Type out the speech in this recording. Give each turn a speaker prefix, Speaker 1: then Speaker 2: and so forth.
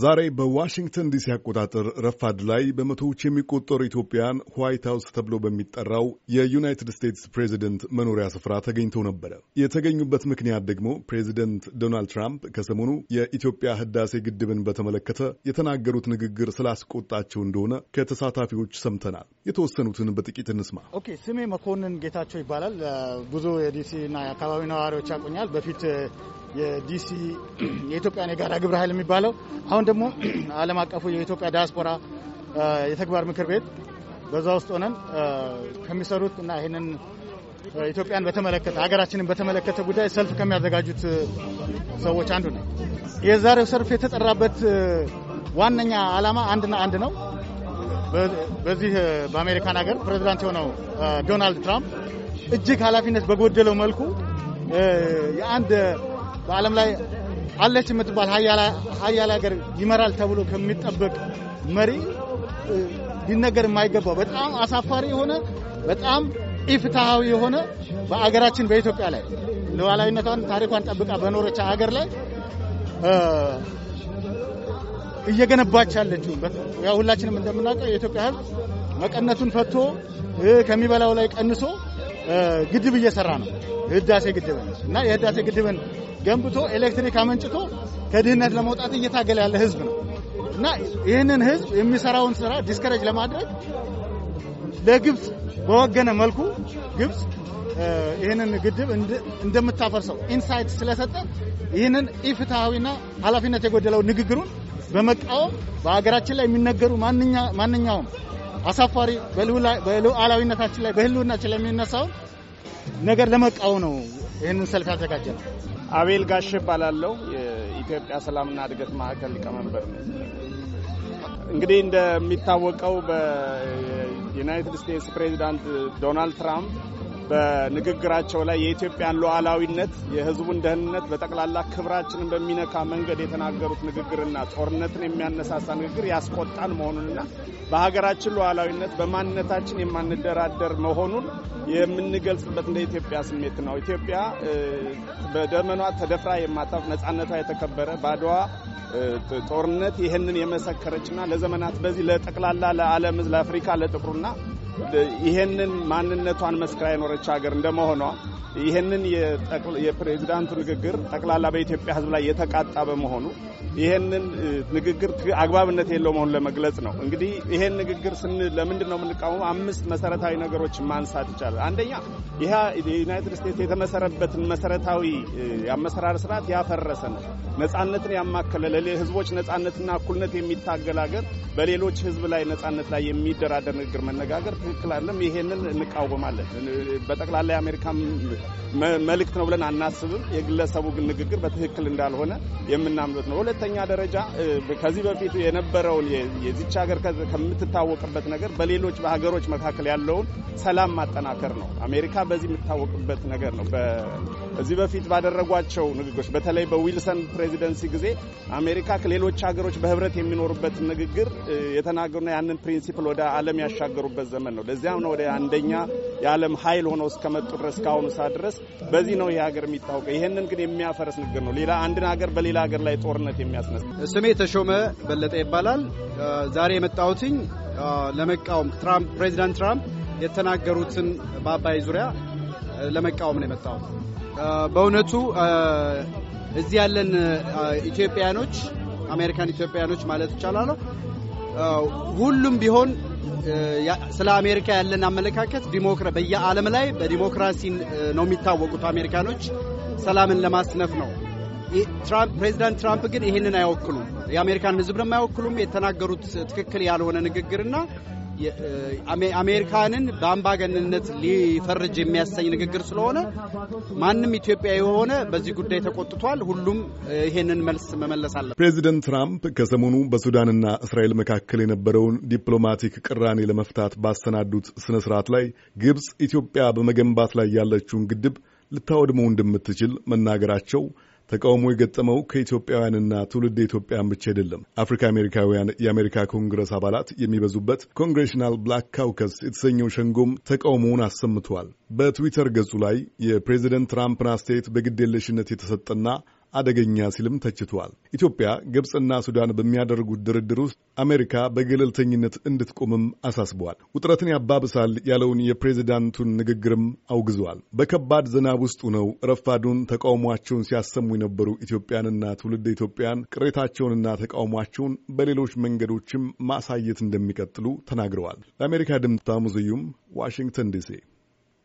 Speaker 1: ዛሬ በዋሽንግተን ዲሲ አቆጣጠር ረፋድ ላይ በመቶዎች የሚቆጠሩ ኢትዮጵያን ዋይት ሀውስ ተብሎ በሚጠራው የዩናይትድ ስቴትስ ፕሬዚደንት መኖሪያ ስፍራ ተገኝተው ነበረ። የተገኙበት ምክንያት ደግሞ ፕሬዚደንት ዶናልድ ትራምፕ ከሰሞኑ የኢትዮጵያ ህዳሴ ግድብን በተመለከተ የተናገሩት ንግግር ስላስቆጣቸው እንደሆነ ከተሳታፊዎች ሰምተናል። የተወሰኑትን በጥቂት እንስማ።
Speaker 2: ኦኬ፣ ስሜ መኮንን ጌታቸው ይባላል። ብዙ የዲሲና የአካባቢ ነዋሪዎች ያቆኛል። በፊት የዲሲ የኢትዮጵያን የጋራ ግብረ ኃይል የሚባለው አሁን ደግሞ ዓለም አቀፉ የኢትዮጵያ ዲያስፖራ የተግባር ምክር ቤት በዛ ውስጥ ሆነን ከሚሰሩት እና ይህንን ኢትዮጵያን በተመለከተ ሀገራችንን በተመለከተ ጉዳይ ሰልፍ ከሚያዘጋጁት ሰዎች አንዱ ነው። የዛሬው ሰልፍ የተጠራበት ዋነኛ ዓላማ አንድና አንድ ነው። በዚህ በአሜሪካን ሀገር ፕሬዚዳንት የሆነው ዶናልድ ትራምፕ እጅግ ኃላፊነት በጎደለው መልኩ የአንድ በዓለም ላይ አለች የምትባል ሀያል ሀገር ይመራል ተብሎ ከሚጠበቅ መሪ ሊነገር የማይገባው በጣም አሳፋሪ የሆነ በጣም ኢፍትሃዊ የሆነ በአገራችን በኢትዮጵያ ላይ ሉዓላዊነቷን ታሪኳን ጠብቃ በኖረች ሀገር ላይ እየገነባች ያለችው ያው ሁላችንም እንደምናውቀው የኢትዮጵያ ሕዝብ መቀነቱን ፈቶ ከሚበላው ላይ ቀንሶ ግድብ እየሰራ ነው። ህዳሴ ግድብን እና የህዳሴ ግድብን ገንብቶ ኤሌክትሪክ አመንጭቶ ከድህነት ለመውጣት እየታገለ ያለ ህዝብ ነው እና ይህንን ህዝብ የሚሰራውን ስራ ዲስከረጅ ለማድረግ ለግብፅ በወገነ መልኩ ግብፅ ይህንን ግድብ እንደምታፈርሰው ኢንሳይት ስለሰጠ ይህንን ኢፍትሐዊና ኃላፊነት የጎደለው ንግግሩን በመቃወም በሀገራችን ላይ የሚነገሩ ማንኛውም አሳፋሪ በሉዓላዊነታችን ላይ በህልውናችን ላይ የሚነሳውን ነገር ለመቃወም ነው ይህንን ሰልፍ ያዘጋጀ ነው።
Speaker 3: አቤል ጋሽ እባላለሁ። የኢትዮጵያ ሰላምና እድገት ማዕከል ሊቀመንበር ነው። እንግዲህ እንደሚታወቀው በዩናይትድ ስቴትስ ፕሬዚዳንት ዶናልድ ትራምፕ በንግግራቸው ላይ የኢትዮጵያን ሉዓላዊነት፣ የህዝቡን ደህንነት፣ በጠቅላላ ክብራችንን በሚነካ መንገድ የተናገሩት ንግግርና ጦርነትን የሚያነሳሳ ንግግር ያስቆጣን መሆኑንና በሀገራችን ሉዓላዊነት በማንነታችን የማንደራደር መሆኑን የምንገልጽበት እንደ ኢትዮጵያ ስሜት ነው። ኢትዮጵያ በደመኗ ተደፍራ የማታውቅ ነጻነቷ የተከበረ ባድዋ ጦርነት ይህንን የመሰከረችና ለዘመናት በዚህ ለጠቅላላ ለዓለም ለአፍሪካ ለጥቁሩና ይሄንን ማንነቷን መስክራ የኖረች ሀገር እንደመሆኗ ይህንን የፕሬዚዳንቱ ንግግር ጠቅላላ በኢትዮጵያ ሕዝብ ላይ የተቃጣ በመሆኑ ይህንን ንግግር አግባብነት የለው መሆኑን ለመግለጽ ነው። እንግዲህ ይህን ንግግር ለምንድን ነው የምንቃወሙ? አምስት መሰረታዊ ነገሮች ማንሳት ይቻላል። አንደኛ ይህ የዩናይትድ ስቴትስ የተመሰረበትን መሰረታዊ የአመሰራር ስርዓት ያፈረሰ ነው። ነጻነትን ያማከለ ለህዝቦች ነጻነትና እኩልነት የሚታገል በሌሎች ህዝብ ላይ ነጻነት ላይ የሚደራደር ንግግር መነጋገር ትክክል አለም። ይሄንን እንቃወማለን። በጠቅላላ የአሜሪካ መልእክት ነው ብለን አናስብም። የግለሰቡ ግን ንግግር በትክክል እንዳልሆነ የምናምኑት ነው። ሁለተኛ ደረጃ ከዚህ በፊት የነበረውን የዚች ሀገር ከምትታወቅበት ነገር በሌሎች በሀገሮች መካከል ያለውን ሰላም ማጠናከር ነው። አሜሪካ በዚህ የምትታወቅበት ነገር ነው። እዚህ በፊት ባደረጓቸው ንግግሮች በተለይ በዊልሰን ፕሬዚደንሲ ጊዜ አሜሪካ ከሌሎች ሀገሮች በህብረት የሚኖሩበት ንግግር የተናገሩና ያንን ፕሪንሲፕል ወደ ዓለም ያሻገሩበት ዘመን ነው። ለዚያም ነው ወደ አንደኛ የዓለም ኃይል ሆነው እስከመጡ ድረስ ከአሁኑ ሰዓት ድረስ በዚህ ነው የሀገር የሚታወቀ። ይህንን ግን የሚያፈርስ ንግግር ነው። ሌላ አንድን ሀገር በሌላ ሀገር ላይ ጦርነት የሚያስነሳ።
Speaker 4: ስሜ ተሾመ በለጠ ይባላል። ዛሬ የመጣሁትኝ ለመቃወም ትራምፕ ፕሬዚዳንት ትራምፕ የተናገሩትን በአባይ ዙሪያ ለመቃወም ነው የመጣሁት። በእውነቱ እዚህ ያለን ኢትዮጵያኖች አሜሪካን ኢትዮጵያኖች ማለት ይቻላል ሁሉም ቢሆን ስለ አሜሪካ ያለን አመለካከት በየዓለም ላይ በዲሞክራሲ ነው የሚታወቁት አሜሪካኖች ሰላምን ለማስነፍ ነው። ፕሬዚዳንት ትራምፕ ግን ይህንን አይወክሉም። የአሜሪካን ሕዝብ ነው የተናገሩት ትክክል ያልሆነ ንግግርና አሜሪካንን በአምባገንነት ሊፈርጅ የሚያሰኝ ንግግር ስለሆነ ማንም ኢትዮጵያ የሆነ በዚህ ጉዳይ ተቆጥቷል። ሁሉም ይሄንን መልስ መመለስ አለ።
Speaker 1: ፕሬዚደንት ትራምፕ ከሰሞኑ በሱዳንና እስራኤል መካከል የነበረውን ዲፕሎማቲክ ቅራኔ ለመፍታት ባሰናዱት ስነ ስርዓት ላይ ግብፅ ኢትዮጵያ በመገንባት ላይ ያለችውን ግድብ ልታወድመው እንደምትችል መናገራቸው ተቃውሞ የገጠመው ከኢትዮጵያውያንና ትውልድ ኢትዮጵያን ብቻ አይደለም። አፍሪካ አሜሪካውያን የአሜሪካ ኮንግረስ አባላት የሚበዙበት ኮንግሬሽናል ብላክ ካውከስ የተሰኘው ሸንጎም ተቃውሞውን አሰምተዋል። በትዊተር ገጹ ላይ የፕሬዚደንት ትራምፕን አስተያየት የለሽነት የተሰጠና አደገኛ ሲልም ተችቷል። ኢትዮጵያ፣ ግብፅና ሱዳን በሚያደርጉት ድርድር ውስጥ አሜሪካ በገለልተኝነት እንድትቆምም አሳስቧል። ውጥረትን ያባብሳል ያለውን የፕሬዚዳንቱን ንግግርም አውግዟል። በከባድ ዝናብ ውስጥ ነው ረፋዱን ተቃውሟቸውን ሲያሰሙ የነበሩ ኢትዮጵያንና ትውልድ ኢትዮጵያን ቅሬታቸውንና ተቃውሟቸውን በሌሎች መንገዶችም ማሳየት እንደሚቀጥሉ ተናግረዋል። ለአሜሪካ ድምፅ ታሙዝዩም ዋሽንግተን ዲሲ